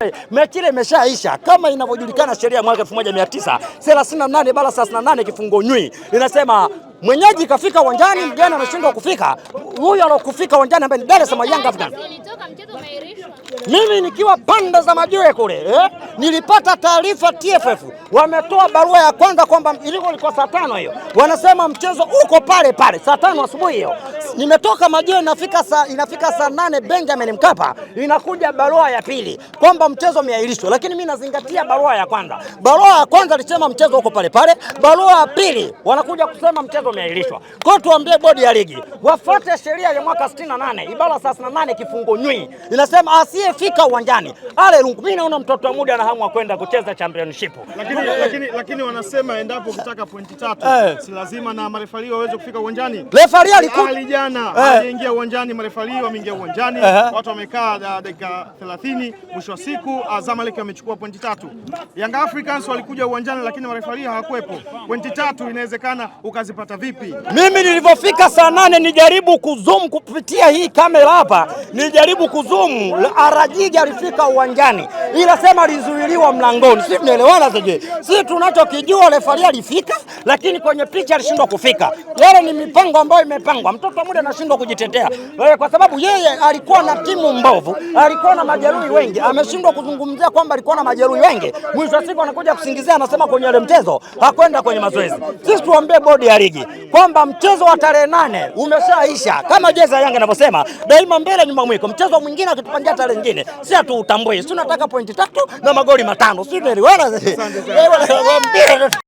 Eh, Mechi ile imeshaisha kama inavyojulikana sheria ya mwaka 1938 bala 38 kifungo nywi inasema mwenyeji kafika uwanjani, mgeni ameshindwa kufika. Huyo alokufika uwanjani ambaye ni Dar es Salaam Young Africans, mimi nikiwa pande za majue kule eh? Nilipata taarifa TFF wametoa barua ya kwanza kwamba ilikuwa ilikuwa saa tano hiyo, wanasema mchezo uko pale pale saa tano asubuhi hiyo. Nimetoka majira inafika saa inafika saa nane Benjamin Mkapa, inakuja barua ya pili kwamba mchezo umeahirishwa, lakini mimi nazingatia barua ya kwanza. Barua ya kwanza ilisema mchezo uko pale pale, barua ya pili wanakuja kusema mchezo umeahirishwa. Kwa tuambie bodi ya ligi wafuate sheria ya mwaka 68 ibara 38 kifungo nywi inasema asiyefika uwanjani ale rungu. Mimi naona mtoto wa muda hamu ya kwenda kucheza championship. Lakini, lakini, lakini wanasema endapo ukitaka pointi tatu eh, si lazima na marefari waweze kufika uwanjani. Refari alikuwa jana eh. aliingia uwanjani, marefari wameingia uwanjani, eh. watu wamekaa dakika 30. Mwisho wa siku Zamalek amechukua pointi tatu. Young Africans walikuja uwanjani, lakini marefari hawakuwepo. Pointi tatu inawezekana ukazipata vipi? Mimi nilivyofika saa nane nijaribu kuzoom kupitia hii kamera hapa, nijaribu kuzoom Arajigi alifika uwanjani ila sema alizuiliwa mlangoni, si mnaelewana? Sije si tunachokijua refari alifika, lakini kwenye picha alishindwa kufika. Yale ni mipango ambayo imepangwa, mtoto mmoja anashindwa kujitetea eh, kwa sababu yeye alikuwa na timu mbovu, alikuwa na majeruhi wengi, ameshindwa kuzungumzia kwamba alikuwa na majeruhi wengi. Mwisho wa siku anakuja kusingizia, anasema kwenye ile mchezo hakwenda kwenye mazoezi. Sisi tuambie bodi ya ligi kwamba mchezo wa tarehe nane umeshaisha, kama jezi ya Yanga inavyosema daima mbele nyuma mwiko, mchezo mwingine akitupangia tarehe nyingine, si hatuutambui, si tunataka point tatu na magoli matano, sio tunaelewana?